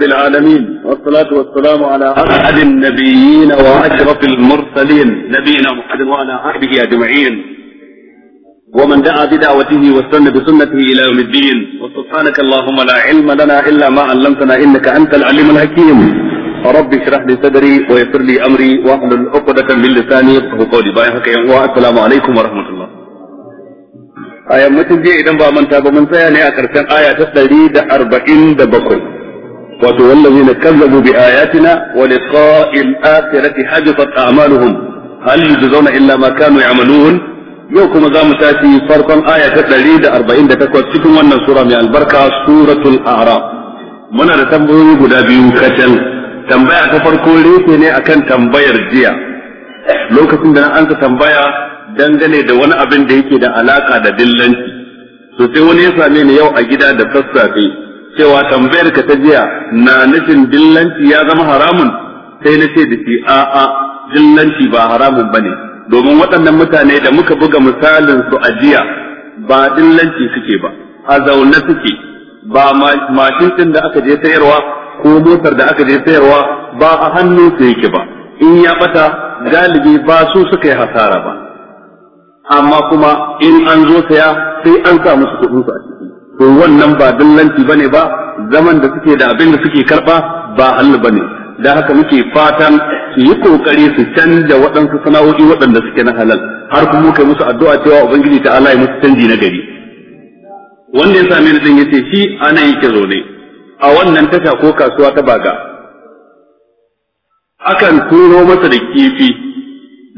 رب العالمين والصلاة والسلام على أحد النبيين وأشرف المرسلين نبينا محمد وعلى أهله أجمعين ومن دعا بدعوته واستنى بسنته إلى يوم الدين وسبحانك اللهم لا علم لنا إلا ما علمتنا إنك أنت العليم الحكيم رب اشرح لي صدري ويسر لي امري واحلل عقدة من لساني يفقهوا قولي باي haka السلام عليكم ورحمة الله wa rahmatullah a yammacin jiya idan ba manta ba mun tsaya ne a aya ta wato wani kazzabu bi ayatina wa liqa'il akhirati hajat a'maluhum hal yujzauna illa ma kanu ya'malun yau kuma za mu tafi farkon aya ta 148 cikin wannan sura mai albarka suratul a'raf muna da tambayoyi guda biyu kacal tambaya ta farko rike ne akan tambayar jiya lokacin da na an tambaya dangane da wani abin da yake da alaka da dillanci to sai wani ya same ni yau a gida da sassafe cewa tambayar ka ta jiya na nufin dillanci ya zama haramun sai na ce da shi a'a dillanci ba haramun bane domin waɗannan mutane da muka buga misalin su a jiya ba dillanci suke ba a zaune suke ba mashin din da aka je sayarwa ko motar da aka je sayarwa ba a hannu su yake ba in ya bata galibi ba su suka yi hasara ba amma kuma in an zo saya sai an sa musu kuɗin su a ciki to wannan ba dillanci bane ba zaman da suke da abin da suke karba ba hal bane da haka muke fatan su yi kokari su canja waɗansu sana'o'i waɗanda suke na halal har kuma muka musu addu'a cewa ubangiji ta Allah ya musu canji na gari wanda ya same ni din yace shi ana yake ne, a wannan tasha ko kasuwa ta baga akan turo masa da kifi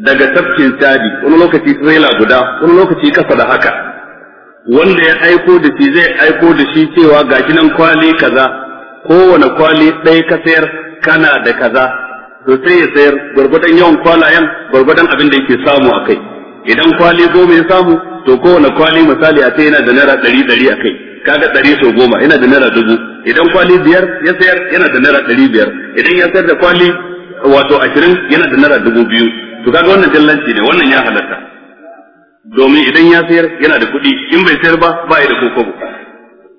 daga tafkin tadi wani lokaci la guda wani lokaci kasa da haka wanda ya aiko da shi zai aiko da shi cewa gashi nan kwali kaza kowane kwali ɗaya ka sayar kana da kaza to sai ya sayar gwargwadon yawan kwalayen gwargwadon abin da yake samu a kai idan kwali goma ya samu to kowane kwali misali a ce yana da naira ɗari ɗari a kai kaga ɗari sau goma yana da naira dubu idan kwali biyar ya sayar yana da naira ɗari biyar idan ya sayar da kwali wato ashirin yana da naira dubu biyu to kaga wannan dillanci ne wannan ya halatta domin idan ya sayar yana da kuɗi in bai sayar ba ba ya da koko.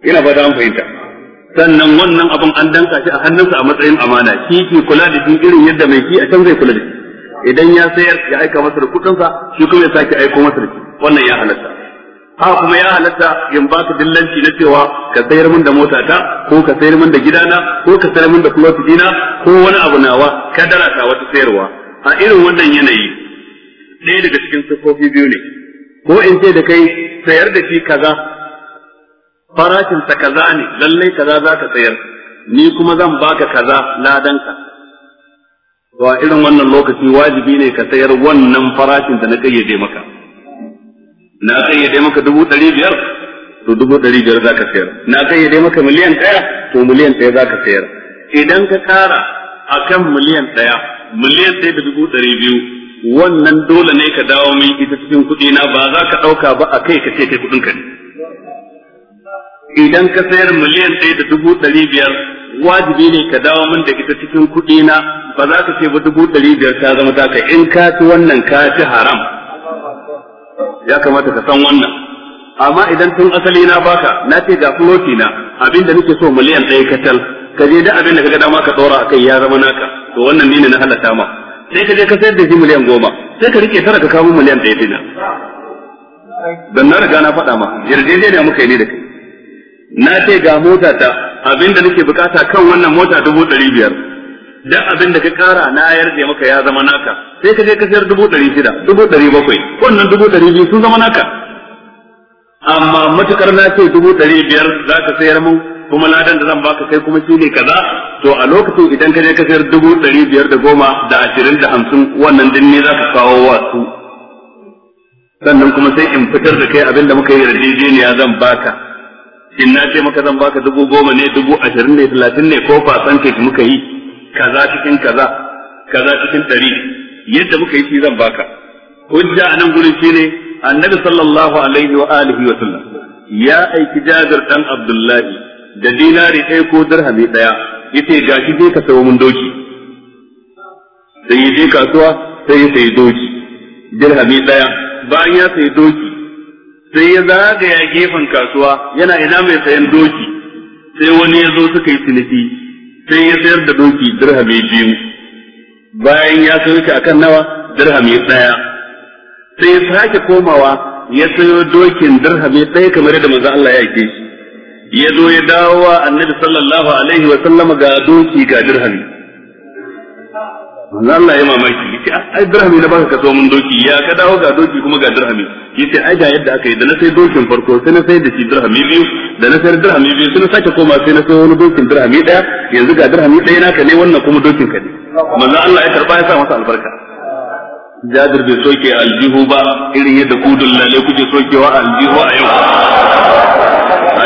ina ba da fahimta sannan wannan abin an danka shi a hannunsa a matsayin amana shi ke kula da shi irin yadda mai shi a can zai kula da shi idan ya sayar ya aika masa da kuɗinsa shi kuma ya sake aiko masa da shi wannan ya halatta ha kuma ya halatta in ba ka dillanci na cewa ka sayar min da motata ko ka sayar min da gidana ko ka sayar min da plot dina ko wani abu nawa kadara ta wata sayarwa a irin wannan yanayi ɗaya daga cikin siffofi biyu ne ko in ce da kai sayar da shi kaza farashin ta kaza ne lallai kaza za ka sayar ni kuma zan baka kaza ladanka to a irin wannan lokaci wajibi ne ka sayar wannan farashin da na kayyade maka na kayyade maka dubu ɗari biyar to dubu ɗari biyar za ka sayar na kayyade maka miliyan ɗaya to miliyan ɗaya za ka sayar idan ka ƙara a kan miliyan ɗaya miliyan ɗaya da dubu ɗari biyu wannan dole ne ka dawo min ita cikin kuɗi na ba za ka ɗauka ba a kai ka ce kai kuɗin ka ne idan ka sayar miliyan ɗaya da dubu ɗari biyar wajibi ne ka dawo min da ita cikin kuɗi na ba za ka ce ba dubu ɗari biyar ta zama taka in ka ci wannan ka ci haram ya kamata ka san wannan amma idan tun asali na baka na ce ga floti na abinda nake so miliyan ɗaya kacal ka je da abin da ka ga dama ka ɗora a kai ya zama naka to wannan ne na halatta ma sai ka je ka sayar da shi miliyan goma sai ka rike tara ka kawo miliyan ɗaya dina dan na riga na faɗa ma yarjejeniya muka yi ne da kai na ce ga mota ta abinda nake bukata kan wannan mota dubu ɗari biyar da abin da ka kara na yarje maka ya zama naka sai ka je ka sayar dubu ɗari shida dubu ɗari bakwai wannan dubu ɗari biyu sun zama naka amma matukar na ce dubu ɗari biyar za ka sayar mu. kuma ladan da zan baka kai kuma shine kaza to a lokacin idan ka je ka sayar dubu ɗari biyar da goma da ashirin da hamsin wannan din ne za ka kawo wa su sannan kuma sai in fitar da kai abin da muka yi yarjejeniya zan baka in na ce maka zan baka dubu goma ne dubu ashirin ne talatin ne ko fasan kai muka yi kaza cikin kaza kaza cikin ɗari yadda muka yi shi zan baka hujja a nan gurin shine annabi sallallahu alaihi wa alihi wa sallam ya aiki jabir dan abdullahi da dinari ɗaya ko dirhami ɗaya yace ga shi je ka sayo mun doki sai ya je kasuwa sai ya sayi doki dirhami ɗaya bayan ya sayi doki sai ya zagaya gefen kasuwa yana ina mai sayan doki sai wani ya zo suka yi ciniki sai ya sayar da doki dirhami biyu bayan ya sayo shi akan nawa dirhami ɗaya sai ya sake komawa ya sayo dokin dirhami ɗaya kamar yadda manzo Allah ya yi shi ya zo ya dawo wa annabi sallallahu alaihi wa sallama ga doki ga dirhami wannan Allah ya mamaki yace ah, ai dirhami na baka kaso mun doki ya ka dawo ga doki kuma ga dirhami yace ai ga yadda aka yi da na sai dokin farko sai na sai da shi dirhami biyu da na sai dirhami biyu sai na sake koma sai na sai wani dokin dirhami daya yanzu ga dirhami daya naka ne wannan kuma dokin ka ne manzo Allah ya karba ya sa masa albarka jadir bai soke aljihu ba irin yadda kudun lalle kuke sokewa aljihu a yau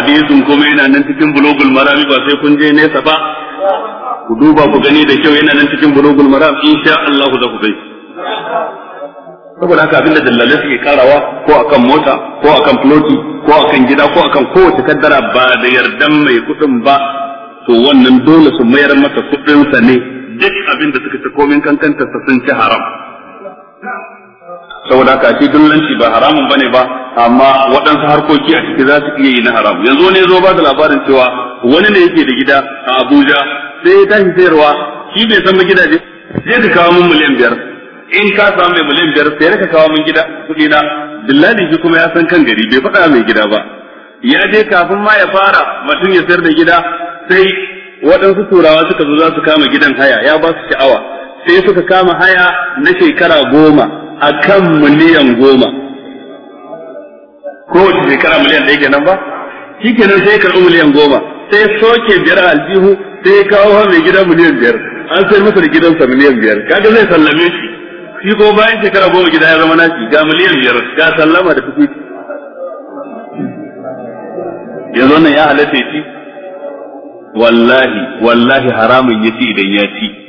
hadisin kuma yana nan cikin bulogul marami ba sai kun je nesa ba ku duba ku gani da kyau yana nan cikin bulogul marami insha Allah za ku gani saboda haka abinda dallalai suke karawa ko akan mota ko akan floti ko akan gida ko akan kowace kaddara ba da yardan mai kudin ba to wannan dole su mayar masa kudin sa ne duk abinda suka ci komin kankanta sun ci haram saboda ka shi dullanci ba haramun ba ne ba amma waɗansu harkoki a ciki za su iya yi na haramu yanzu ne zo ba da labarin cewa wani ne yake da gida a Abuja sai ya tashi sayarwa shi bai san gidaje zai ka kawo mun miliyan biyar in ka samu mai miliyan biyar sai ka kawo mun gida kuɗi na dillali shi kuma ya san kan gari bai faɗa mai gida ba ya je kafin ma ya fara mutum ya sayar da gida sai waɗansu turawa suka zo za su kama gidan haya ya ba su sha'awa sai suka kama haya na shekara goma a kan miliyan goma kowace shekara miliyan ɗaya kenan ba shi kenan sai ya karɓi miliyan goma sai soke biyar a aljihu sai ya kawo wa mai gida miliyan biyar an sai masa da gidansa miliyan biyar kaga zai sallame shi shi ko bayan shekara goma gida ya zama nashi ga miliyan biyar ga sallama da kuɗi yanzu wannan ya halatta ya ci wallahi wallahi haramun ya ci idan ya ci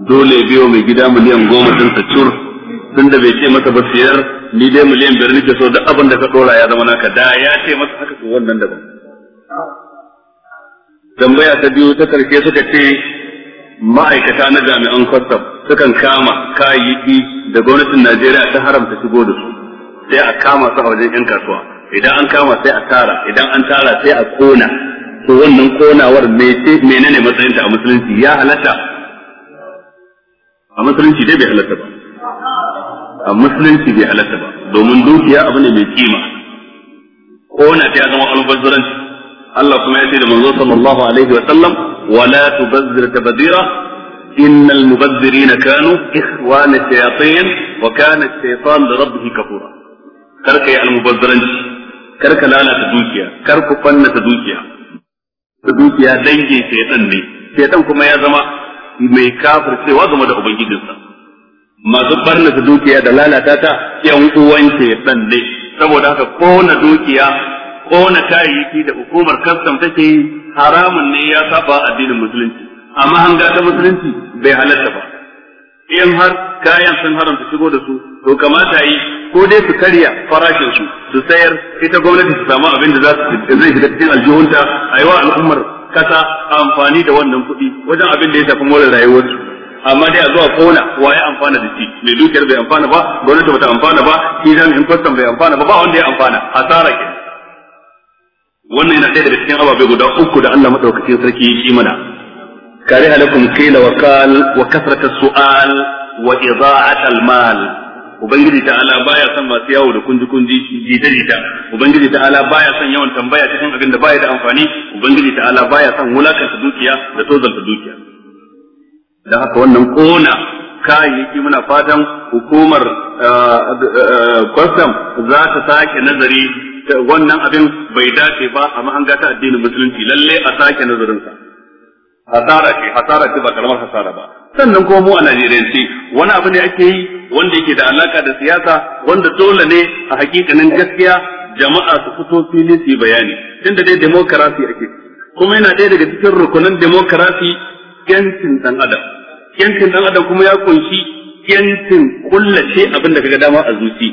dole biyo mai gida miliyan goma din sa cur tun da bai ce masa ba siyar ni dai miliyan biyar nake so da abin da ka dora ya zama naka da ya ce masa haka to wannan daban tambaya ta biyu ta karshe suka ce ma'aikata na jami'an kwastam sukan kama kayayyaki da gwamnatin Najeriya ta haramta shigo da su sai a kama su a wajen 'yan kasuwa idan an kama sai a tara idan an tara sai a kona to wannan konawar menene matsayinta a musulunci ya halatta a musulunci dai bai halatta ba a musulunci bai halatta ba domin dukiya abu ne mai kima ko na ta zama albazuranci Allah kuma ya ce da manzo sallallahu alaihi wa sallam wala tubazzir tabdira innal mubazzirina kanu ikhwana shayatin wa kana ash-shaytan li rabbih kafura kar kai almubazziranci kar ka lalata dukiya kar ku fannata dukiya dukiya dangin shaytan ne shaytan kuma ya zama mai cewa game da ubangijinsa masu barnata dukiya da lalata ta yan uwanke dan ne saboda haka kona dukiya kona kayayyaki da hukumar kastam take yi haramun ne ya saba addinin musulunci amma hanga ta musulunci bai halatta ba in har kayan sun haramta shigo da su to kamata yi ko dai su karya farashin su su sayar ita gwamnati su samu abin da za su zai shiga cikin aljihunta a yi wa al'ummar kasa amfani da wannan kuɗi wajen abin da ya shafi more rayuwarsu amma dai a zuwa kona wa ya amfana da shi mai dukiyar bai amfana ba gwamnati bata amfana ba shi jami'in kwastam bai amfana ba ba wanda ya amfana asara ke wannan yana ɗaya daga cikin ababe guda uku da Allah madaukakin sarki ya yi mana kare halakum kaila wa kal wa kasratas su'al wa ida'atal mal ubangiji ta'ala baya son masu yawo da kunji kunji jita jita ubangiji ta'ala baya son yawan tambaya cikin abin da baya da amfani ubangiji ta'ala baya son ta dukiya da ta dukiya da haka wannan kona kayayyaki muna fatan hukumar ah, ah, ah, kwastam za ta sake nazari wannan abin bai dace ba amma an gata addinin musulunci lalle a sake nazarinsa hasara ce hasara ce ba karamar hasara ba sannan kuma mu a Najeriya ce wani abu ne ake yi wanda yake da alaka da siyasa wanda dole ne a hakikanin gaskiya jama'a su fito fili su bayani tunda dai demokarasi ake kuma yana ɗaya daga cikin rukunan demokarasi yancin dan adam yancin dan adam kuma ya kunshi yancin kullace abin da kaga dama a zuci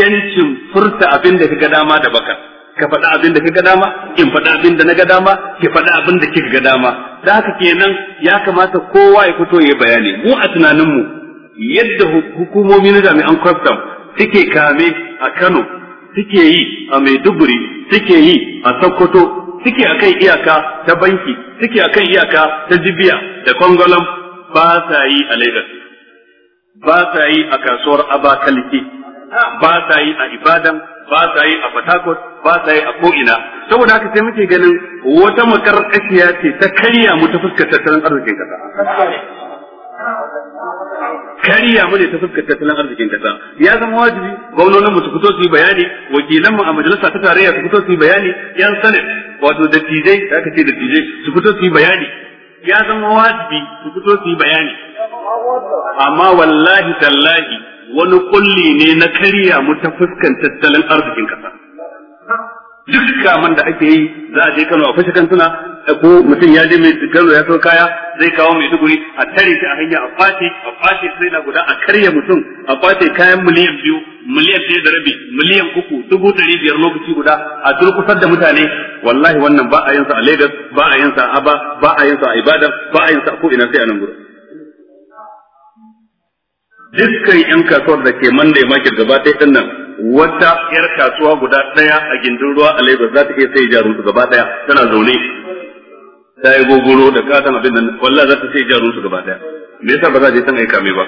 yancin furta abin da kaga dama da baka ka faɗa abin da kaga dama in faɗa abin da naga dama ki faɗa abin da kika ga dama da haka kenan ya kamata kowa ya fito ya bayani mu a tunanin mu yadda hukumomi na jami'an kwastam suke kame a Kano suke yi a Maiduguri suke yi a Sokoto suke a kan iyaka ta banki suke a kan iyaka ta jibiya da kwangolam ba sa yi a Lagos ba sa yi a kasuwar Abakaliki ba sa yi a Ibadan ba sa yi a Fatakot ba sa yi a ko'ina saboda haka sai muke ganin wata makarƙashiya ce ta karya mu ta fuskar tattalin arzikin kasa kariya mu ne ta fuskar tattalin arzikin kasa ya zama wajibi gwamnonin mu su fito su yi bayani wakilan mu a majalisa ta tarayya su fito su yi bayani yan sanin wato dattijai da aka ce dattijai su fito su yi bayani ya zama wajibi su fito su yi bayani amma wallahi tallahi wani kulli ne na kariya mu ta fuskan tattalin arzikin kasa duk kaman da ake yi za a je Kano a fashe kantuna ko mutum ya je mai Kano ya so kaya zai kawo mai duguri a tare shi a hanya a fashe a fashe sai na guda a karya mutum a fashe kayan miliyan biyu miliyan biyu da rabi miliyan uku dubu dari biyar lokaci guda a turkusar da mutane wallahi wannan ba a yin sa a Lagos ba a yin sa a Aba ba a yin sa a Ibadan ba a yin sa ko ina sai a nan gurin dukkan 'yan kasuwar da ke Monday market gaba ɗaya ɗin nan wata yar kasuwa guda ɗaya a gindin ruwa a Lagos za ta iya sai su gaba ɗaya tana zaune ta yi gogoro da katon abin nan wallahi za ta sai su gaba ɗaya me yasa ba za a je san aika mai ba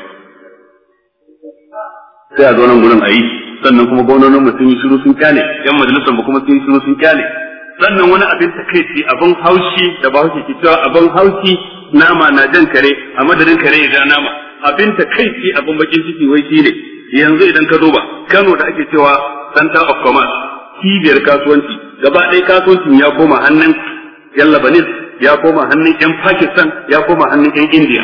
sai a zo nan gurin a yi sannan kuma gwamnonin mutum yi shiru sun kyale yan majalisar ba kuma sun yi shiru sun kyale sannan wani abin ta takaici abin haushi da ba haushi ke cewa abin haushi nama na jan kare a madadin kare ya ja nama abin ta takaici abin bakin ciki wai shi ne yanzu idan ka duba Kano da ake cewa center of commerce cibiyar kasuwanci gaba ɗaya kasuwanci, ya koma hannun yan Lebanese ya koma hannun yan Pakistan ya koma hannun yan India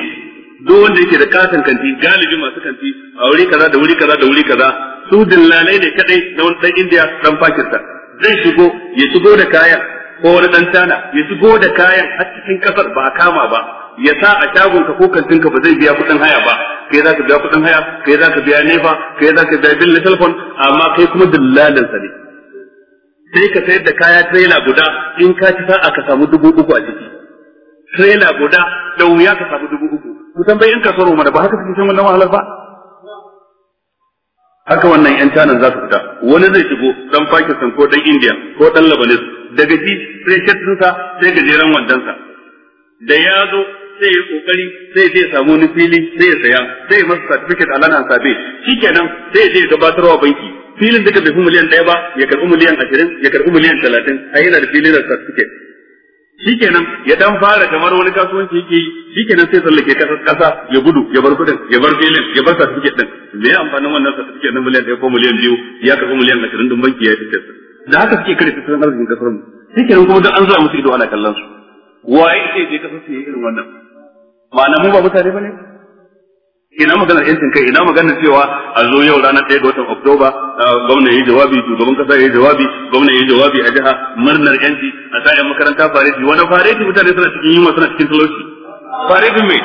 duk wanda yake da katon kanti galibi masu kanti a wuri kaza da wuri kaza da wuri kaza su dillalai ne kadai na wani dan India dan Pakistan zai shigo ya shigo da kayan ko wani dan tana ya shigo da kayan har cikin kasar ba a kama ba ya sa a shagon ka ko kantinka ba zai biya kuɗin haya ba kai ka biya kuɗin haya kai ka biya nefa kai ka biya bil na telefon amma kai kuma dillalin sa ne sai ka sayar da kaya traila guda in ka ci sa'a ka samu dubu uku a ciki traila guda da wuya ka samu dubu uku kusan bai in ka mu mana, ba haka cikin wannan wahalar ba haka wannan yan canan za su fita wani zai shigo dan Pakistan ko dan India ko dan Lebanon daga ji sai shirkin sa sai gajeren wandan da ya zo sai ya kokari sai zai samu wani fili sai ya saya sai masa certificate a lanan sabe shikenan sai zai wa banki filin duka bai fi miliyan ɗaya ba ya karɓi miliyan ashirin ya karɓi miliyan talatin a yana da filin da certificate shikenan ya dan fara kamar wani kasuwanci yake yi shikenan sai tsallake kasa ya gudu ya bar kudin ya bar filin ya bar certificate din me amfanin wannan certificate din miliyan 1 ko miliyan 2 ya kafa miliyan 20 din banki ya yi fitar da haka suke kare tsaron arzikin kasar mu shikenan kuma duk an zuwa musu ido ana kallon su waye sai je kasa su yi irin wannan ma'ana mu ba mutane bane ina maganar yancin kai ina maganar cewa a zo yau ranar ɗaya ga watan Oktoba gwamna yayi jawabi shugaban kasa yayi jawabi gwamna yayi jawabi a jiha murnar yanci a sa'in makaranta fareti wani fareti mutane suna cikin yunwa suna cikin talauci fareti mai.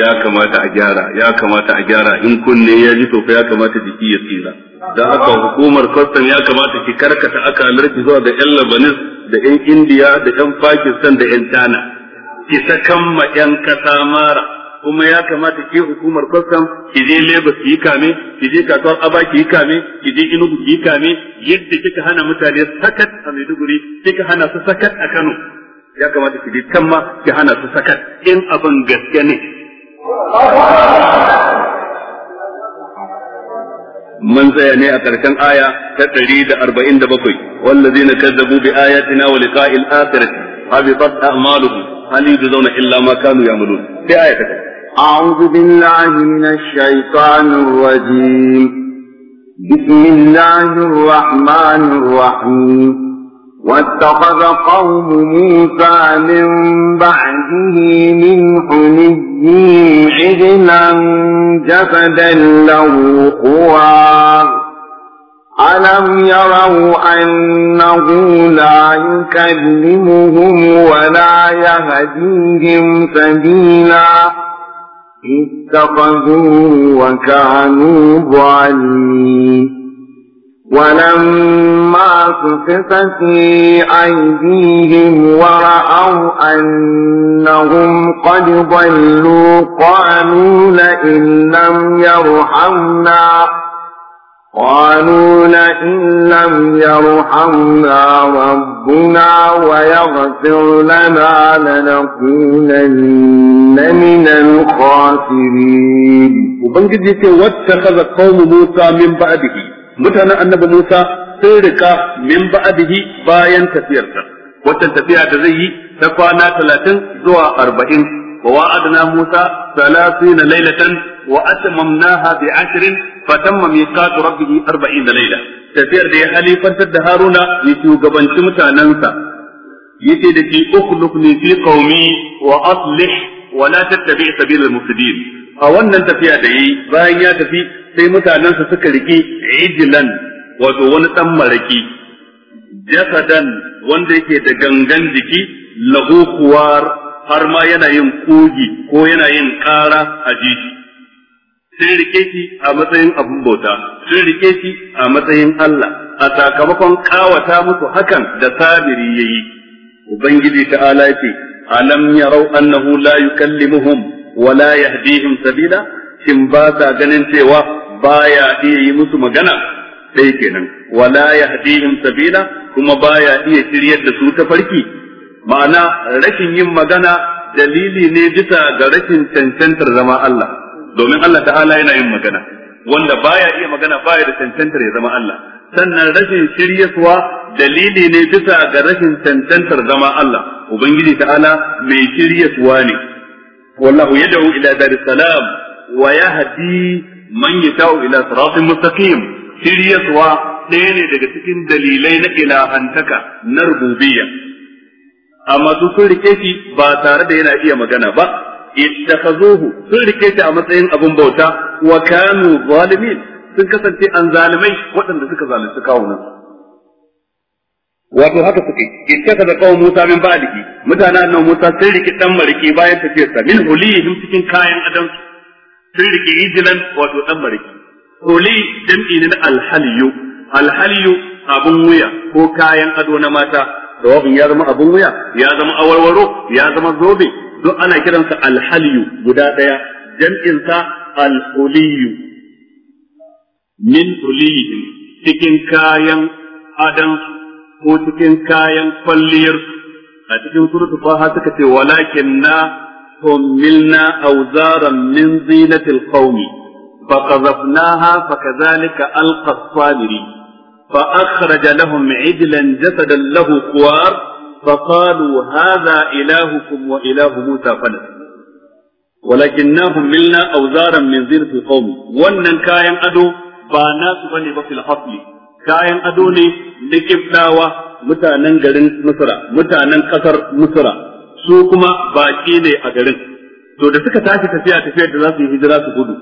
ya kamata a gyara ya kamata a gyara in kunne ya ji to ya kamata jiki ya tsira da haka hukumar custom ya kamata ki karkata akalar ki zuwa ga yan Lebanese da yan India da yan Pakistan da yan China isa kamma yan kasa mara kuma ya kamata ke hukumar kwastam ki je Lagos ki kame ki je kasuwar Aba ki kame ki je Enugu ki kame yadda kika hana mutane sakat a Maiduguri kika hana su sakat a Kano ya kamata ki je can ma ki hana su sakat in abin gaske ne mun tsaya ne a ƙarshen aya ta ɗari da arba'in da bakwai wallazina kazzabu bi wa هل يجزون إلا ما كانوا يعملون في آية أعوذ بالله من الشيطان الرجيم بسم الله الرحمن الرحيم واتخذ قوم موسى من بعده من حليهم عجلا جسدا له خوار ألم يروا أنه لا يكلمهم ولا يهديهم سبيلا اتخذوه وكانوا ظالمين ولما سقط في أيديهم ورأوا أنهم قد ضلوا قالوا لئن لم يرحمنا قالوا لئن لم يرحمنا ربنا ويغفر لنا لنكونن من الخاسرين Ubangiji ce wacce kaza kawo Musa min ba'adihi, mutanen annabi Musa sun rika min ba'adihi bayan tafiyarsa, wacce tafiya da zai yi ta kwana talatin zuwa arba'in ووعدنا موسى ثلاثين ليلة وأتممناها بعشر فتم ميقات ربه أربعين ليلة تفير دي حليفة الدهارون يتيو قبن شمتا ننسى يتي دي أخلقني في قومي وأصلح ولا تتبع سبيل المفسدين أولا تفير دي باين يا تفي سي متا ننسى سكركي عجلا وتوون تمركي جسدا wanda yake da gangan jiki lahu har ma yana yin kogi ko yana yin ƙara a jiji sun rike shi a matsayin abin bauta sun rike shi a matsayin Allah a sakamakon kawata musu hakan da sabiri yi. ubangiji ta'ala ce alam yarau annahu la yukallimuhum wa yahdihim sabila shin ba sa ganin cewa baya iya yi musu magana sai kenan wala yahdihim sabila kuma baya iya shiryar da su ta farki ma'ana rashin yin magana dalili ne bisa ga rashin cancantar zama Allah domin Allah ta'ala yana yin magana wanda baya iya magana baya da cancantar ya zama Allah sannan rashin shiryaswa dalili ne bisa ga rashin cancantar zama Allah ubangiji ta'ala mai shiryaswa ne wallahu yad'u ila daris salam wa yahdi man yata'u ila siratin mustaqim shiryaswa ɗaya ne daga cikin dalilai na ilahantaka na rububiyya amma su sun rike shi ba tare da yana iya magana ba ittakhazuhu sun rike shi a matsayin abin bauta wa kanu zalimin sun kasance an zalimai waɗanda suka zalunci kawunan wato haka suke da qawm Musa min baliki mutanen annabi Musa sun rike dan mariki bayan sa min hulihim cikin kayan adam sun rike ijlan wato dan mariki huli jam'i ne na alhaliyu alhaliyu abun wuya ko kayan ado na mata dawabin ya zama abun wuya ya zama awarwaro ya zama zobe duk ana kiransa alhaliyu guda daya jam'insa alhuliyu min huliyihim cikin kayan adan ko cikin kayan kwalliyar, a cikin suratu faha suka ce walakin na hummilna awzaran min zinatil qaumi fa qadhafnaha fa kadhalika alqa فأخرج لهم عجلا جسدا له خوار فقالوا هذا إلهكم وإله موسى فنسي ولكنهم ملنا أوزارا من زينة قومي wannan kayan ado ba nasu bane ba fil hasli kayan ado ne na kibdawa mutanen garin Misra mutanen ƙasar Misra su kuma baki ne a garin to da suka tashi tafiya tafiyar da za su yi hijira su gudu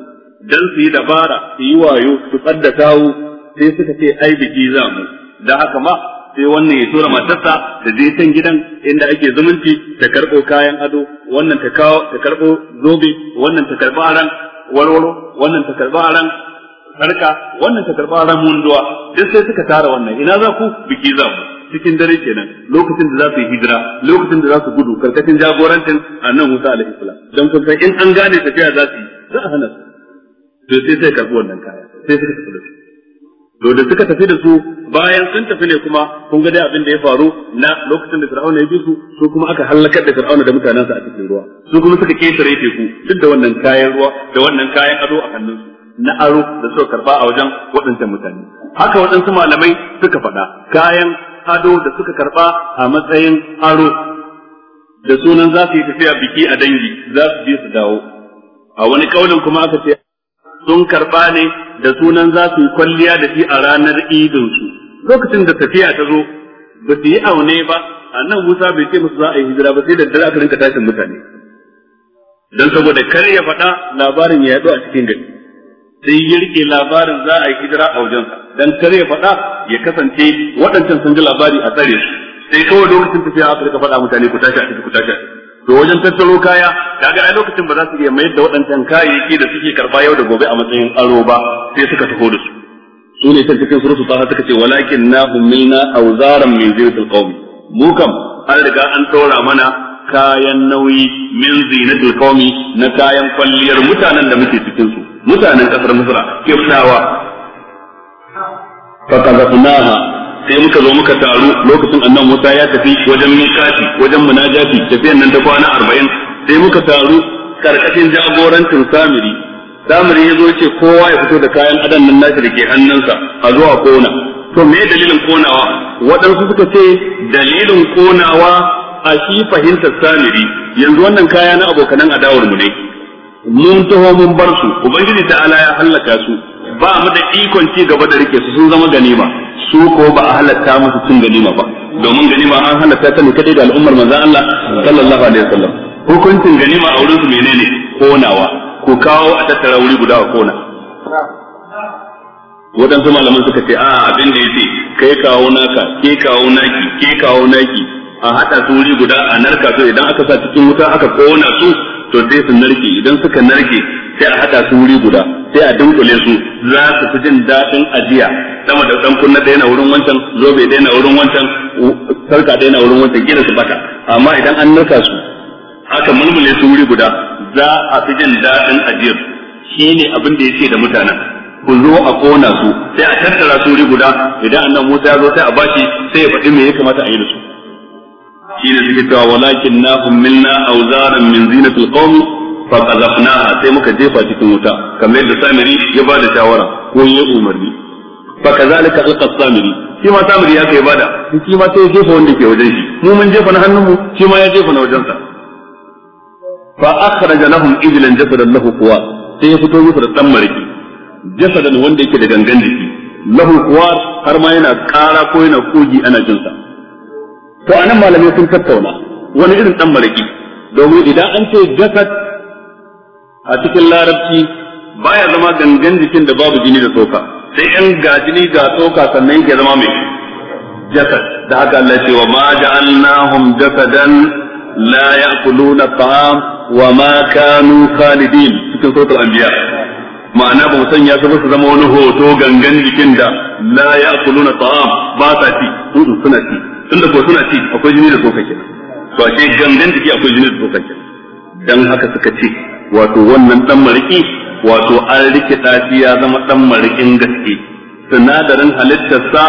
dan su yi dabara su yi wayo su tsadda kawo sai suka ce ai biki za mu da haka ma sai wannan ya tura matarsa da je can gidan inda ake zumunci ta karɓo kayan ado wannan ta kawo ta karɓo zobe wannan ta karɓi aran warwaro wannan ta karɓi aran sarka wannan ta karɓi aran munduwa duk sai suka tara wannan ina za ku biki za mu cikin dare kenan lokacin da za su yi hijira lokacin da za su gudu karkashin jagorancin a Musa alaihi salam dan kun san in an gane tafiya za su yi za a hana su sai sai karɓi wannan kaya sai suka tafi da to da suka tafi da su bayan sun tafi ne kuma kun ga dai abin da ya faru na lokacin da fir'auna ya bi su su kuma aka halakar da fir'auna da mutanansa a cikin ruwa su kuma suka ketare teku duk da wannan kayan ruwa da wannan kayan ado a su na aro da suka karba a wajen waɗancan mutane haka waɗansu malamai suka faɗa kayan ado da suka karba a matsayin aro da sunan za su yi tafiya biki a dangi za su je su dawo a wani kaulin kuma aka ce sun karba ne da sunan za su yi kwalliya da shi a ranar idin su lokacin da tafiya ta zo ba su yi aune ba A nan Musa bai ce musu za a yi hijira ba sai da dare aka rinka tashin mutane Don saboda kar ya faɗa labarin ya yaɗu a cikin gari sai ya rike labarin za a yi hijira a wajensa dan kar ya faɗa ya kasance waɗancan sun ji labari a tsare su sai kawai lokacin tafiya aka rinka faɗa mutane ku tashi a ciki ku tashi a ciki da wajen tattaro kaya kaga a lokacin ba za su iya mayar da waɗancan kayayyaki da suke karba yau da gobe a matsayin aro ba sai suka taho da su su ne can cikin surutu taha suka ce walakin na humilna auzaran min zinatul qaumi mu kam an riga an saura mana kayan nauyi min zinatul qaumi na kayan kwalliyar mutanen da muke cikin su mutanen kasar misra kiftawa fa kazafnaha sai muka zo muka taru lokacin annan Musa ya tafi wajen mikati wajen munajati tafiyan nan ta kwana arba'in sai muka taru karkashin jagorancin samiri samiri ya zo ce kowa ya fito da kayan adan nan nashi da ke hannunsa a zuwa kona to me dalilin konawa waɗansu suka ce dalilin konawa a shi fahimtar samiri yanzu wannan kaya na abokanan adawar mu ne mun taho mun bar su ubangiji ta ala ya hallaka su ba mu da ikon ci gaba da rike su sun zama ganima su ko ba a halatta musu cin ganima ba domin ganima an halatta ta ne kadai da al'ummar manzon Allah sallallahu alaihi wasallam hukuncin ganima a wurin su menene konawa ko kawo a tattara wuri guda a kona waɗansu malaman suka ce a abin da yake kai kawo naka ke kawo naki ke kawo naki a haɗa su wuri guda a narka su idan aka sa cikin wuta aka kona su to sai su narke idan suka narke sai a haɗa su wuri guda sai a dunkule su za su fi jin daɗin ajiya sama da ɗan kunna ɗaya na wurin wancan zobe ɗaya na wurin wancan sarka ɗaya na wurin wancan gina su bata amma idan an nuka su aka mulmule su wuri guda za a fi jin daɗin ajiyar shi ne abin da ya ce da mutanen ku zo a kona su sai a tattara su wuri guda idan annan Musa ya zo sai a bashi sai ya faɗi me ya kamata a yi da su shi ne suke cewa walakin na hummilna auzaran min zinatul qawmi fa qazafnaha sai muka jefa cikin wuta kamar yadda samiri ya ba da shawara ko ya umarni fa kazalika alqa samiri shi ma samiri ya kai bada shi ma sai ya jefa wanda ke wajen shi mu mun jefa na hannunmu shi ma ya jefa na wajensa fa akhraja lahum ijlan jasadan lahu quwa sai ya fito musu da dan mariki jasadan wanda yake da gangan jiki lahu quwa har ma yana kara ko yana kogi ana jinsa to anan malamai sun tattauna wani irin dan mariki domin idan an ce jasad a cikin larabci baya zama gangan jikin da babu jini da tsoka sai in ga jini ga tsoka sannan ke zama mai jasad da haka Allah ce wa ma ja'alnahum jasadan la ya'kuluna ta'am wa ma kanu khalidin cikin suratul anbiya ma'ana ba musan ya zama su zama wani hoto gangan jikin da la ya'kuluna ta'am ba sa ci suna ci tunda ko suna ci akwai jini da tsoka kenan to ce gangan jiki akwai jini da tsoka kenan dan haka suka ce wato wannan dan mariki wato an rikida shi ya zama dan marikin gaske sinadarin halittarsa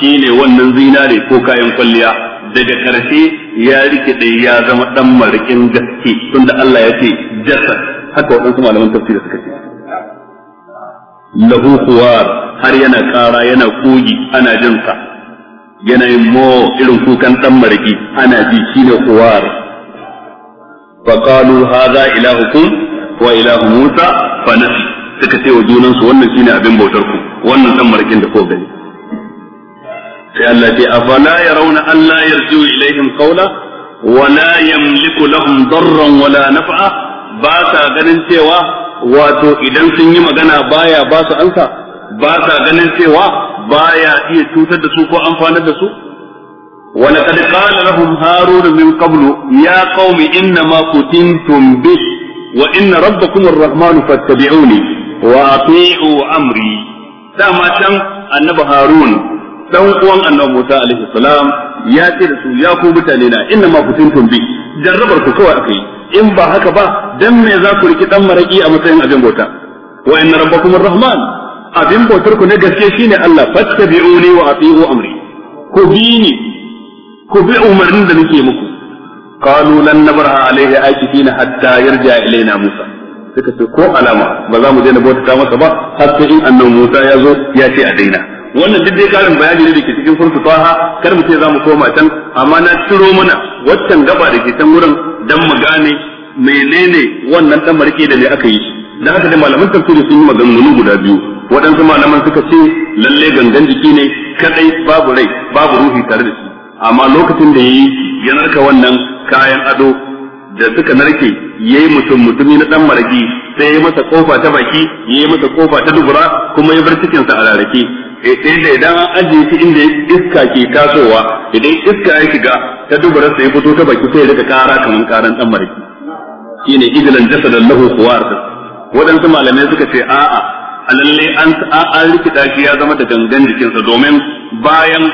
shine wannan zinare ko kayan kwalliya daga karshe ya rikide ya zama dan marikin gaske tunda Allah ya ce jasad haka wadansu malaman tafsiri suka ce lahu khuwar har yana kara yana kogi ana jinsa yana yin mo irin kukan dan mariki ana ji shine khuwar فقالوا هذا إلهكم وإله موسى فنسي suka ce junansu wannan shine abin bautar ku wannan dan marakin da ko gani sai Allah ya afala yarawna alla yarju ilaihim qawla wala yamliku lahum darran wala naf'a ba sa ganin cewa wato idan sun yi magana baya ba su ansa ba sa ganin cewa baya iya cutar da su ko amfanar da su ولقد قال لهم هارون من قبل يا قوم إنما فتنتم به وإن ربكم الرحمن فاتبعوني وأطيعوا أمري دعما شم النبي هارون dan uwan annabi Musa alaihi salam ya ce da su ya ku mutane na inna ma kutuntum bi jarrabar ku kawai akai in ba haka ba dan me za ku riki dan maraki a matsayin abin bauta wa inna rabbakum arrahman abin bautar ku na gaske shine Allah fattabi'uni wa amri ku bi ni ku bi umarnin da nake muku qalu lan nabra alaihi akifina hatta yarja ilaina musa suka ce ko alama ba za mu daina bautata masa ba har sai in annabi musa ya zo ya ce a daina wannan duk dai karin bayani ne dake cikin surtu faha kar mu ce za mu koma can amma na ciro mana waccan gaba da ke can wurin dan mu gane menene wannan dan marke da ne aka yi da haka da malaman tafsiri sun yi maganganu guda biyu waɗansu malaman suka ce lalle gangan jiki ne kadai babu rai babu ruhi tare da shi amma lokacin da yayi ya narka wannan kayan ado da suka narke yayi mutum mutumi na dan maraƙi, sai ya masa kofa ta baki ya yi masa kofa ta dubura kuma ya bar cikinsa a rarrake eh, inda idan an ajiye shi inda iska ke tasowa idan iska ya shiga ta dubura sai ya fito ta baki sai ya rika kara kaman karan dan maraki shine idlan jasadan lahu khuwar Waɗansu malamai suka ce a'a a lallai an rikita shi ya zama da gangan jikinsa domin bayan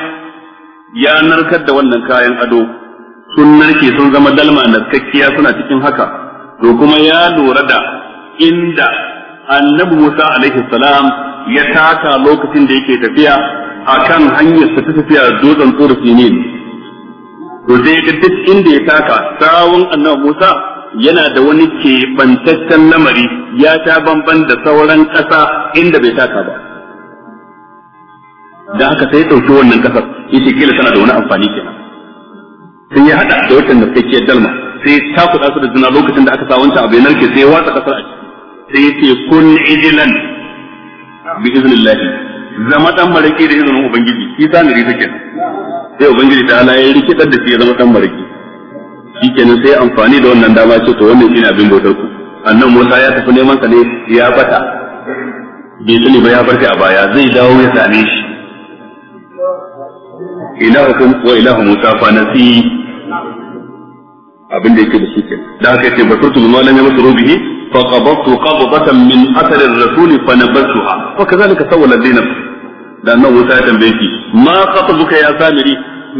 ya narkar da wannan kayan ado sun narke sun zama dalma narkakkiya suna cikin haka to kuma ya lura da inda annabi Musa alaihi salam ya taka lokacin da yake tafiya akan hanyar ta tafiya dutsen tsoro sinin to sai ga duk inda ya taka sawun annabi Musa yana da wani keɓantaccen lamari ya ta bamban da sauran ƙasa inda bai taka ba da haka sai ɗauki wannan ƙasar yace kila tana da wani amfani kenan sai ya hada da wata narkakkiyar dalma sai ta kuɗa su da zina lokacin da aka sa wancan abu ya narke sai ya watsa kasar a sai ya ce kun idilan bi iznillahi zama dan maraki da izinin ubangiji shi sa ne take sai ubangiji ta ala ya rikidar da shi ya zama dan maraki kenan sai amfani da wannan dama ce to wannan shine abin bautar ku annan Musa ya tafi neman ka ne ya bata bai sani ba ya bar a baya zai dawo ya same shi ilahukum wa ilahu musa fa nasi abin da yake da su kenan da haka yace basirtu bima lam yamsu bihi fa qabattu qabdatan min athar ar-rasul fa nabattuha wa kadhalika sawala dinam da annabi musa ya tambaye shi ma qatabuka ya samiri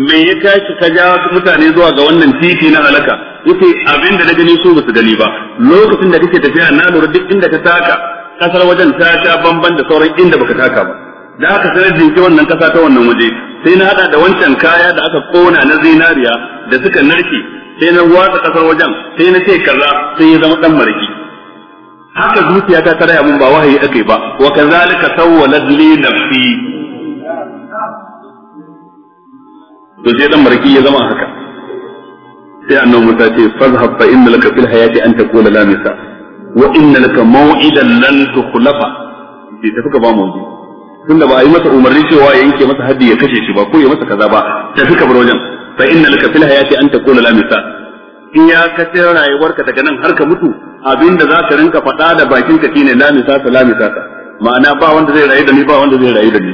me ya tashi ka ja mutane zuwa ga wannan titi na halaka yace abin da na gani su ba su gani ba lokacin da kake tafiya na lura duk inda ka taka kasar wajen ta ta bamban da sauran inda baka taka ba da aka sanar jinki wannan kasa ta wannan waje sai na hada da wancan kaya da aka kona na zinariya da suka narke sai na watsa kasar wajen sai na ce kaza sai ya zama dan mariki haka zuciya ta taraya mun ba wahayi akai ba wa kazalika sawwalat li nafsi to sai dan mariki ya zama haka sai annabi Musa ce fazhab fa inna laka fil hayati an takuna la misa wa inna laka maw'idan lan tukhlafa sai ka ba mu tunda ba a yi masa umarni cewa ya yanke masa haddi ya kashe shi ba ko ya masa kaza ba tafi kabar wajen fa inna laka fil hayati an takuna la misa in ya kace rayuwarka daga nan har ka mutu abinda za ka rinka faɗa da bakin ka shine la ta la ta ma'ana ba wanda zai rayu da ni ba wanda zai rayu da ni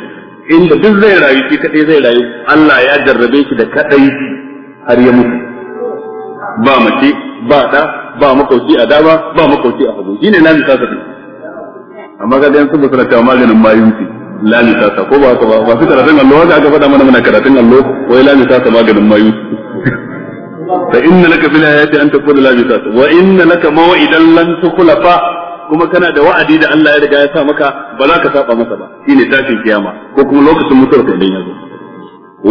inda duk zai rayu shi kadai zai rayu Allah ya jarrabe shi da kadai har ya mutu ba mace ba da ba makoci a dama ba makoci a hagu shine la ta amma ga dan su ta maganin mayunci lami ta sa ko ba ka ba masu karatun allo haka aka faɗa mana muna karatun allo wai lami ta sa maganin mayu fa inna laka fil hayati an taqulu lami ta sa wa inna laka maw'idan lan tukhlafa kuma kana da wa'adi da Allah ya riga ya sa maka ba za ka saba masa ba shine tashin kiyama ko kuma lokacin mutuwar ka idan ya zo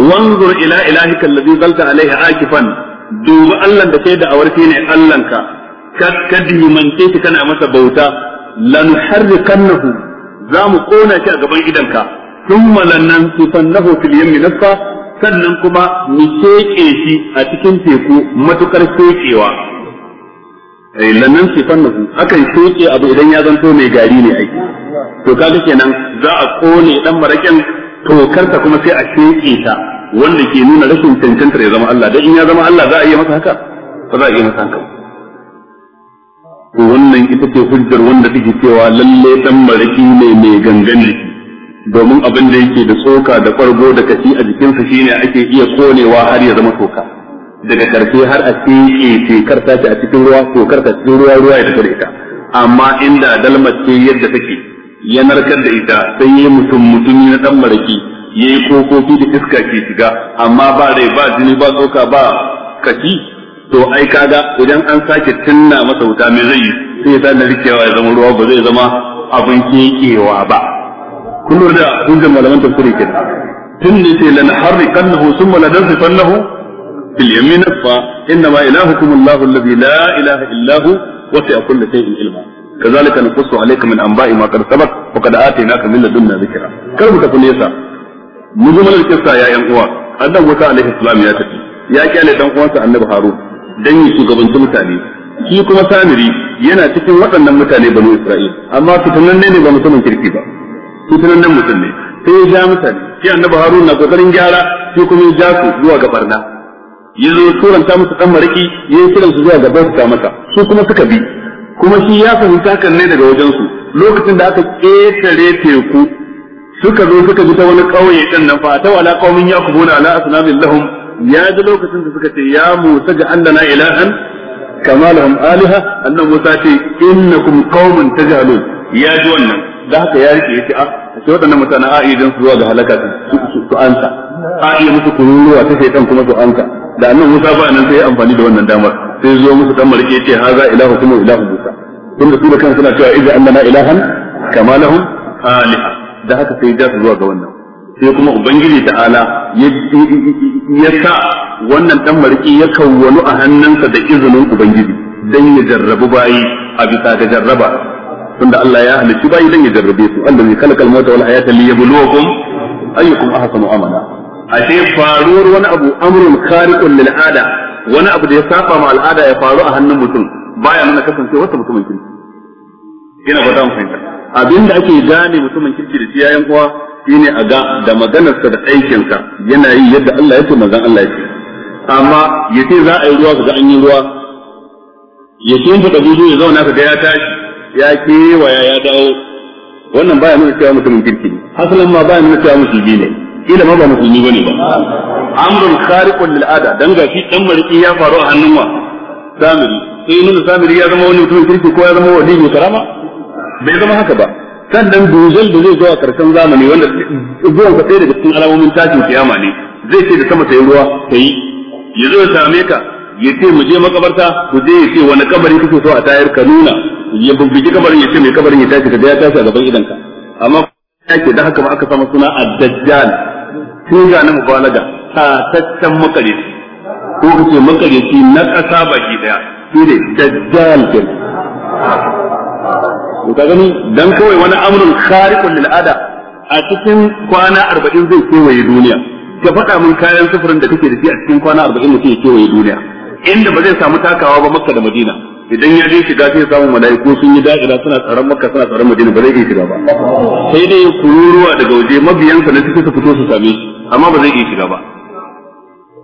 wanzur ila ilahika alladhi zalta alaihi akifan dubi Allah da kai da awarki ne Allahnka kakkadi man kana masa bauta lanuharrikannahu za mu kona shi a gaban idanka thumma lannan tusannahu fil yammi nasfa sannan kuma mu soke shi a cikin teku matukar shekewa eh lannan tusannahu akan soke abu idan ya zanto mai gari ne ai to kaga kenan za a kone dan marakin tokarta kuma sai a soke ta wanda ke nuna rashin cancantar ya zama Allah dan in ya zama Allah za a iya masa haka ba za a iya masa haka wannan ita ce hujjar wanda take cewa lalle dan maraki ne mai gangan jiki domin abin da yake da tsoka da fargo da kaci a jikinsa shine ake iya konewa har ya zama toka daga karfe har a ke tekar ta a cikin ruwa tokar ta cikin ruwa ruwa ya tafi da ita amma inda dalmar ce yadda take ya narkar da ita sai yayi mutum mutumi na dan maraki yayi kofofi da iska ke shiga amma ba rai ba jini ba tsoka ba kashi to ai kaga idan an sake tunna masa wuta me zai yi sai ya tana rikewa ya zama ruwa ba zai zama abin kekewa ba kun lura da hujjar malaman tafsiri ke tun ne sai lan harriqannahu thumma la dansifannahu fil yamin fa inna ma ilahukum allah alladhi la ilaha illahu hu wa sa'a kulli shay'in ilma kazalika naqussu alayka min anba'i ma qad sabaq wa qad atainaka min ladunna dhikra kar mu tafi nesa mu zo mana kissa ya yan uwa annabi Musa alaihi salam ya tafi ya kyale dan uwansa annabi Harun dan ya shugabanci mutane shi kuma samiri yana cikin waɗannan mutane banu isra'il amma fitinan ne ba mutumin kirki ba fitinan nan mutum ne sai ya ja mutane sai annabi haruna kokarin gyara shi kuma ya ja su zuwa ga barna ya zo turanta musu dan mariki ya yi kiransu zuwa ga bauta masa su kuma suka bi kuma shi ya fahimta hakan ne daga wajensu lokacin da aka ƙetare teku suka zo suka bi ta wani ƙauye ɗin nan fa ta wala qaumin yakubuna ala asnamin lahum ya ji lokacin da suka ce ya Musa ga na ilahan kamalahum lahum aliha annan Musa ce innakum qaumun tajhalun ya ji wannan da haka ya rike yace a sai wadannan mutanen a iya su zuwa ga halaka su su anta a iya musu kururuwa ta shaytan kuma su anta da annan Musa ba nan sai ya amfani da wannan damar sai zo musu dan marke ce haza ilahu kuma ilahu Musa tunda su da kansu suna cewa idan annana ilahan kamalahum lahum aliha da haka sai da zuwa ga wannan sai kuma ubangiji ala ya sa wannan dan mariki ya kawwalu a hannunsa da izinin ubangiji dan ya jarrabu bayi a bisa ga jarraba tunda Allah ya halicci bayi dan ya jarrabe su Allah allazi khalaqal mauta wal hayata liyabluwakum ayyukum ahsanu amala ashe faruwar wani abu amrun khariqun lil ada wani abu da ya saba ma al'ada ya faru a hannun mutum baya nuna kasance wata mutumin kirki ina ba za mu fahimta abinda ake gane mutumin kirki da shi yayin kuwa shine a ga da maganarsa da aikinsa yana yi yadda Allah ya ce manzon Allah ya ce amma ya za a yi ruwa kaga an yi ruwa ya ce da buzu ya zauna kaga ya tashi ya kewaya ya dawo wannan baya nuna cewa mutumin kirki ne hasalan ma baya nuna cewa musulmi ne kila ma ba musulmi bane ba amrun khariqun lil ada dan ga shi dan mariki ya faru a hannun wa samiri sai nuna samiri ya zama wani mutumin kirki ko ya zama wani karama bai zama haka ba sannan dujal da zai zo a karshen zamani wanda zuwan ka sai daga cikin alamomin tashin kiyama ne zai ce da sama ta yi ruwa ta yi ya zo ya same ka ya ce mu je makabarta ku je ya ce wani kabari kuke so a tayar ka nuna ya bubbuki kabarin ya ce mai kabarin ya tashi ka da ya tashi a gaban idan ka amma ya ce da haka ba aka sama suna ad-dajjal tun ga na mubalaga ta tattan makareci ko kace makareci na kasa baki daya shi ne dajjal ke to ka gani dan kawai wani amrun khariqun lil ada a cikin kwana 40 zai kewaye duniya ka faɗa mun kayan sufurin da kake da shi a cikin kwana 40 mutum ya kewaye duniya inda ba zai samu takawa ba makka da madina idan ya je shiga sai samu mala'iku sun yi da'ira suna tsaron makka suna tsaron madina ba zai iya shiga ba sai dai kururuwa daga waje mabiyansa na cikin su fito su same shi amma ba zai iya shiga ba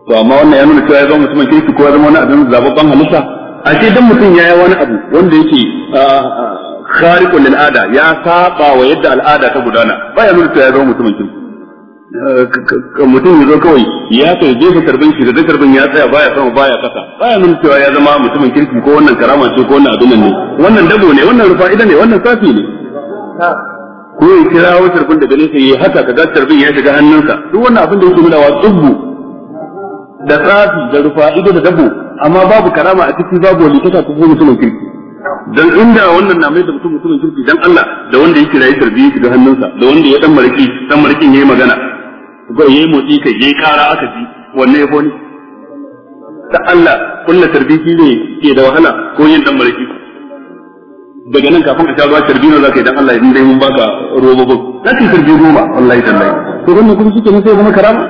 to amma wannan ya nuna cewa ya zama mutumin kirki ko ya zama wani abin zababban halitta a ce dan mutum ya yi wani abu wanda yake ah, ah, خارق lil ada ya saba wa yadda al'ada ta gudana baya nuna ya zama يزو كوي mutum ya zo kawai ya kai jefa يا shi da karbin ya tsaya baya sama baya kasa baya nuna cewa ya zama mutumin kirki ko wannan karama ce ko wannan abin ne wannan dabo ne wannan rufa'ida ne wannan safi ne ko ya kira wa da daga nesa yayi haka kaga karbin ya shiga hannunsa duk wannan abin da yake nuna tsubbu da da da dabo amma babu karama a ciki babu wani kasa ko mutumin kirki dan inda wannan na mai da mutum mutumin kirki dan Allah da wanda yake rayu tarbiyya shiga hannunsa da wanda ya dan mariki dan mariki yayi magana ba yayi motsi kai yayi kara aka ji wanne ya boni da Allah kullu tarbiyyi ne ke da wahala ko yin dan mariki daga nan kafin ka sha ruwa tarbiyya zaka yi dan Allah idan dai mun baka roba ba zaka yi tarbiyya goma wallahi tallahi to wannan kun shi ke ne sai zama karama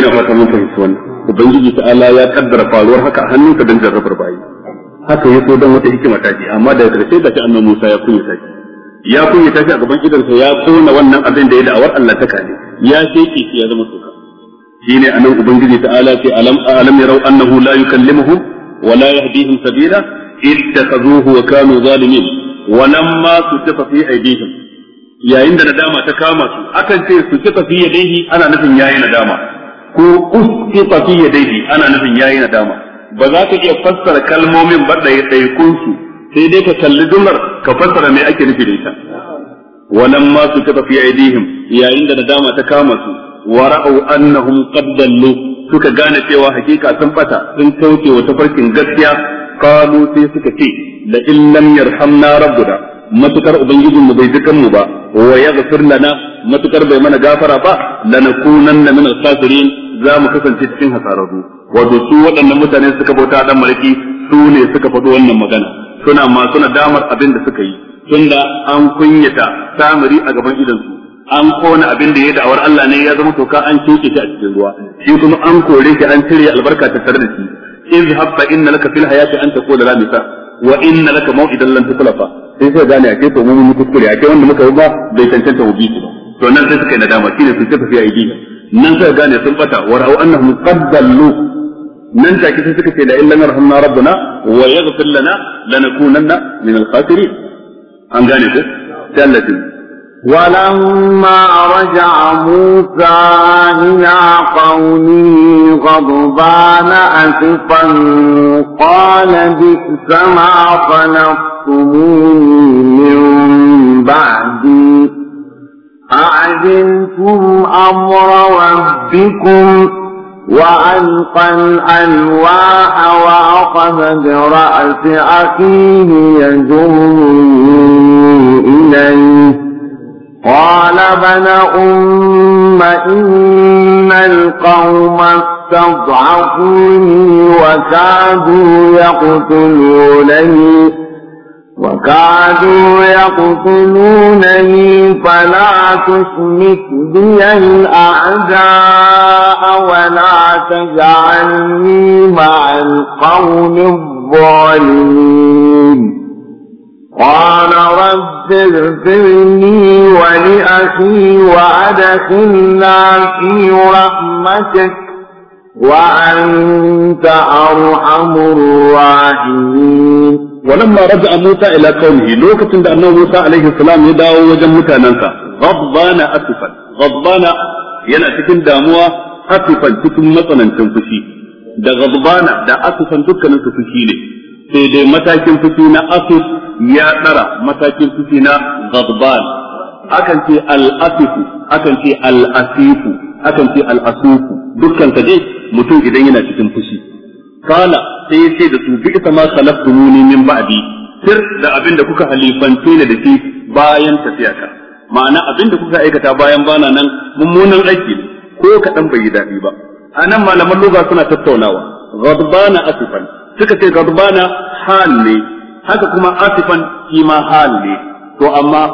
ina fata mun fahimci wannan ubangiji ta'ala ya kaddara faruwar haka a hannunka don jarrabar bayi haka ya so don wata hikima ta ce amma daga karshe da ta annabi Musa ya kunya ta ya kunya ta a gaban idansa ya kona wannan abin da ya da'awar Allah ta kane ya sheke shi ya zama soka shine anan ubangiji ta'ala ce alam alam yarau annahu la yukallimuhum wa la yahdihim sabila Zuhu wa kanu zalimin wa lamma kutifa fi aydihim yayin da nadama ta kama su akan ce su kifa fi yadayhi ana nufin yayi nadama ko usqita fi yadayhi ana nufin yayi nadama ba za ka iya fassara kalmomin ba ɗaya ɗaya kunsu sai dai ka kalli dumar ka fassara me ake nufi da ita walan ma su kafa fi aidihim yayin da nadama ta kama su wa ra'au annahum qad dallu suka gane cewa hakika sun fata sun kauce wa farkin gaskiya qalu sai suka ce la in lam yarhamna rabbuna matukar ubangijin mu bai dukan mu ba wa yaghfir lana matukar bai mana gafara ba lanakunanna min al-khasirin za mu kasance cikin hasararru wato su waɗannan mutane suka bauta dan mulki su ne suka faɗo wannan magana suna masu nadamar abin da suka yi tunda an kunyata samari a gaban idansu an kona abin da ya da'awar Allah ne ya zama toka an kinke shi a cikin ruwa shi kuma an kore shi an cire albarka ta tare da shi izhab fa inna laka fil hayati an taqula la misal wa inna laka maw'idan lan tukhlafa sai sai gane ake to mun yi kuskure ake wanda muka yi ba bai tantance mu bisu to nan sai suka yi nadama shine sun tafi ya yi nan sai gane sun bata wa ra'u annahum qaddallu nan take sai suka ce da illa rahmanna rabbuna wa yaghfir lana lanakunanna min al-khasirin an gane ko sai Allah ولما رجع موسى إلى قومه غضبان أسفا قال بئس ما خلقتموني من بعدي أعجلتم أمر ربكم وألقى الألواح وأخذ برأس أخيه يجره إليه قال بن أم إن القوم استضعفوني وكادوا يقتلونني وكادوا يقتلونني فلا تشمت بي الأعداء ولا تجعلني مع القوم الظالمين قال رب اغفر لي ولأخي وأدخلنا في رحمتك وأنت أرحم الراحمين ولما رجع موسى إلى قومه لوكة أن موسى عليه السلام يدعو وجه متاننسا غضبان أسفا غضبان yana cikin damuwa asufan cikin matsanancin fushi da gazbana da asufan dukkanin su fushi ne sai dai matakin fushi na asif ya tsara matakin fushi na ghadban akan ce al akan ce al akan ce al dukkan ka dai mutum idan yana cikin fushi kala sai ya da su bi ma muni min ba'di sir da abin da kuka halifance ni da shi bayan tafiya ka. ma'ana abin da kuka aikata bayan bana nan mummunan aiki ko kaɗan bai yi daɗi ba a nan malaman loga suna tattaunawa na asifan suka ce gadbana hal ne haka kuma asifan shi ma hal ne to amma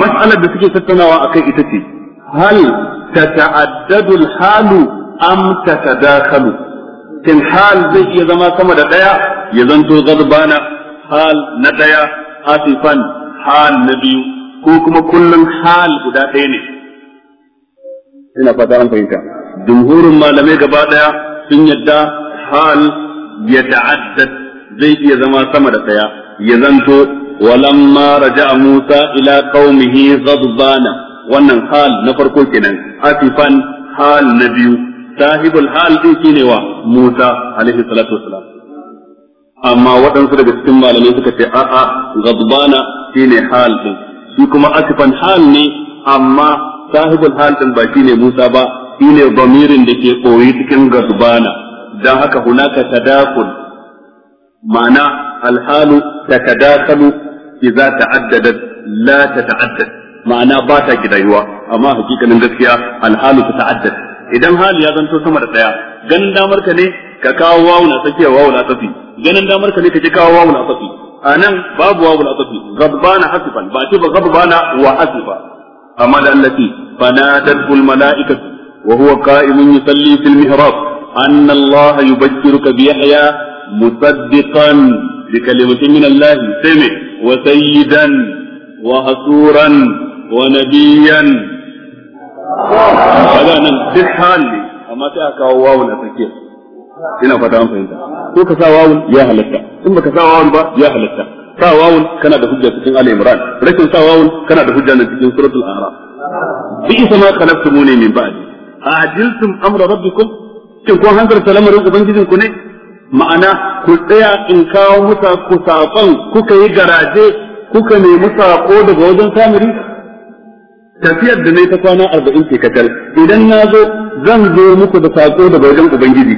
mas'alar da suke tattaunawa akai ita ce hal tata'addadu halu am tatadakhalu tin hal zai iya zama sama da daya ya zanto gadbana hal na daya asifan hal na biyu ko kuma kullum hal guda ɗaya ne ina fata an fahimta jumhurin malamai gaba daya sun yadda hal ya ta'addat zai iya zama sama da daya ya zanto walamma raja'a Musa ila qaumihi ghadbana wannan hal na farko kenan atifan hal na biyu sahibul hal din shine wa Musa alaihi salatu wassalam amma waɗansu daga cikin malamai suka ce a'a ghadbana shine hal din shi kuma atifan hal ne amma sahibul hal din ba shine Musa ba shine bamirin da ke koyi cikin ghadbana dan haka hunaka tadakul ma'ana alhalu takadakalu ta ta'addadat la ta tata'addad ma'ana ba ta gidayuwa amma hakikanin gaskiya alhalu tata'addad idan hali ya zanto sama da daya ganin damar ka ne ka kawo wawu na tsakiya wawu na tsafi ganin damar ka ne ka ki kawo wawu na tsafi anan babu wawu na tsafi gabbana hasifan ba ce ba gabbana wa hasifa amma da allati fanadatul malaikatu wa huwa qa'imun yusalli fil mihrab أن الله يبشرك بيحيى مصدقا بكلمة من الله سمع وسيدا وهسورا ونبيا هذا من بحالي أما تأكى واو لتكير هنا فتاهم هو ثم كسا يا هلتا سا واو كان ده حجة سكين آل إمران ركن سا واو كان سورة الأعراف بإيسا خلفتموني من بعد أعجلتم أمر ربكم shin kun hanzarta lamarin ubangijin ku ne ma'ana ku tsaya in kawo musa ku saƙon kuka yi garaje kuka nemi saƙo daga wajen samiri tafiyar da na ta kwana arba'in ke kacal idan na zo zan zo muku da saƙo daga wajen ubangiji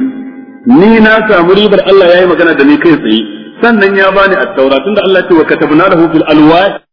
ni na samu ribar Allah ya yi magana da ni kai tsaye sannan ya bani a taura tunda Allah ce wa katabna lahu fil alwah